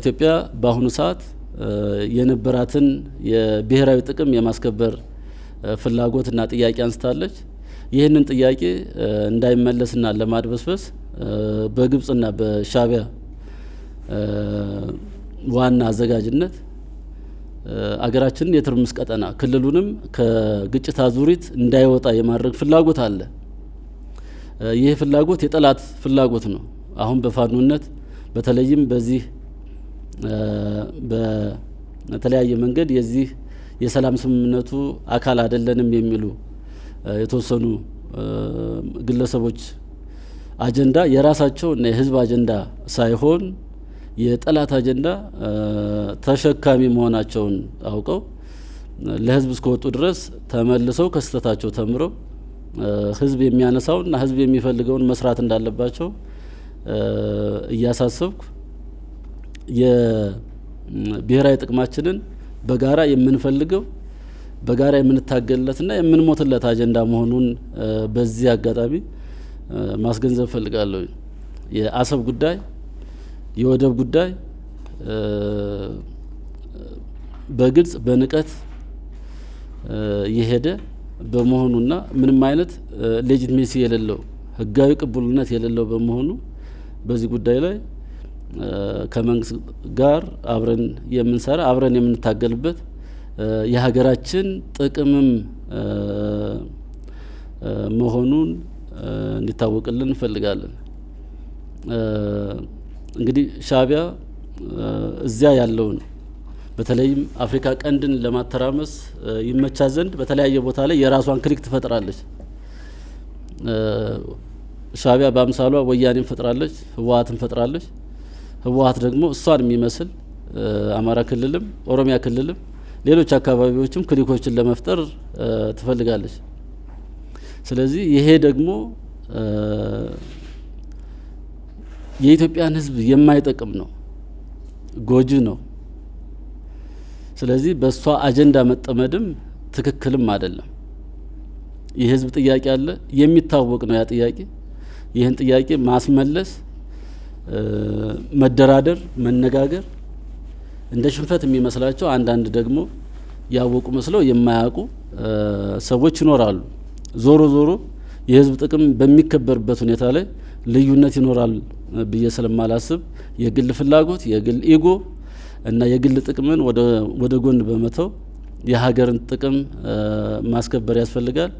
ኢትዮጵያ በአሁኑ ሰዓት የነበራትን የብሔራዊ ጥቅም የማስከበር ፍላጎትና ጥያቄ አንስታለች። ይህንን ጥያቄ እንዳይመለስና ለማድበስበስ በግብጽና በሻቢያ ዋና አዘጋጅነት አገራችንን የትርምስ ቀጠና ክልሉንም ከግጭት አዙሪት እንዳይወጣ የማድረግ ፍላጎት አለ። ይህ ፍላጎት የጠላት ፍላጎት ነው። አሁን በፋኖነት በተለይም በዚህ በተለያየ መንገድ የዚህ የሰላም ስምምነቱ አካል አይደለንም የሚሉ የተወሰኑ ግለሰቦች አጀንዳ የራሳቸው እና የህዝብ አጀንዳ ሳይሆን የጠላት አጀንዳ ተሸካሚ መሆናቸውን አውቀው ለህዝብ እስከወጡ ድረስ ተመልሰው ከስህተታቸው ተምረው ህዝብ የሚያነሳውና ህዝብ የሚፈልገውን መስራት እንዳለባቸው እያሳሰብኩ የብሔራዊ ጥቅማችንን በጋራ የምንፈልገው በጋራ የምንታገልለትና የምንሞትለት አጀንዳ መሆኑን በዚህ አጋጣሚ ማስገንዘብ ፈልጋለሁ። የአሰብ ጉዳይ፣ የወደብ ጉዳይ በግልጽ በንቀት የሄደ በመሆኑና ምንም አይነት ሌጂትሜሲ የሌለው ህጋዊ ቅቡልነት የሌለው በመሆኑ በዚህ ጉዳይ ላይ ከመንግስት ጋር አብረን የምንሰራ አብረን የምንታገልበት የሀገራችን ጥቅምም መሆኑን እንዲታወቅልን እንፈልጋለን። እንግዲህ ሻዕቢያ እዚያ ያለውን በተለይም አፍሪካ ቀንድን ለማተራመስ ይመቻ ዘንድ በተለያየ ቦታ ላይ የራሷን ክሊክ ትፈጥራለች። ሻዕቢያ በአምሳሏ ወያኔን ፈጥራለች፣ ህወሀትን ፈጥራለች። ህወሀት ደግሞ እሷን የሚመስል አማራ ክልልም ኦሮሚያ ክልልም ሌሎች አካባቢዎችም ክሊኮችን ለመፍጠር ትፈልጋለች። ስለዚህ ይሄ ደግሞ የኢትዮጵያን ህዝብ የማይጠቅም ነው፣ ጎጂ ነው። ስለዚህ በእሷ አጀንዳ መጠመድም ትክክልም አይደለም። የህዝብ ጥያቄ አለ፣ የሚታወቅ ነው ያ ጥያቄ። ይህን ጥያቄ ማስመለስ መደራደር፣ መነጋገር እንደ ሽንፈት የሚመስላቸው አንዳንድ ደግሞ ያወቁ መስለው የማያውቁ ሰዎች ይኖራሉ። ዞሮ ዞሮ የህዝብ ጥቅም በሚከበርበት ሁኔታ ላይ ልዩነት ይኖራል ብዬ ስለማላስብ የግል ፍላጎት፣ የግል ኢጎ እና የግል ጥቅምን ወደ ጎን በመተው የሀገርን ጥቅም ማስከበር ያስፈልጋል።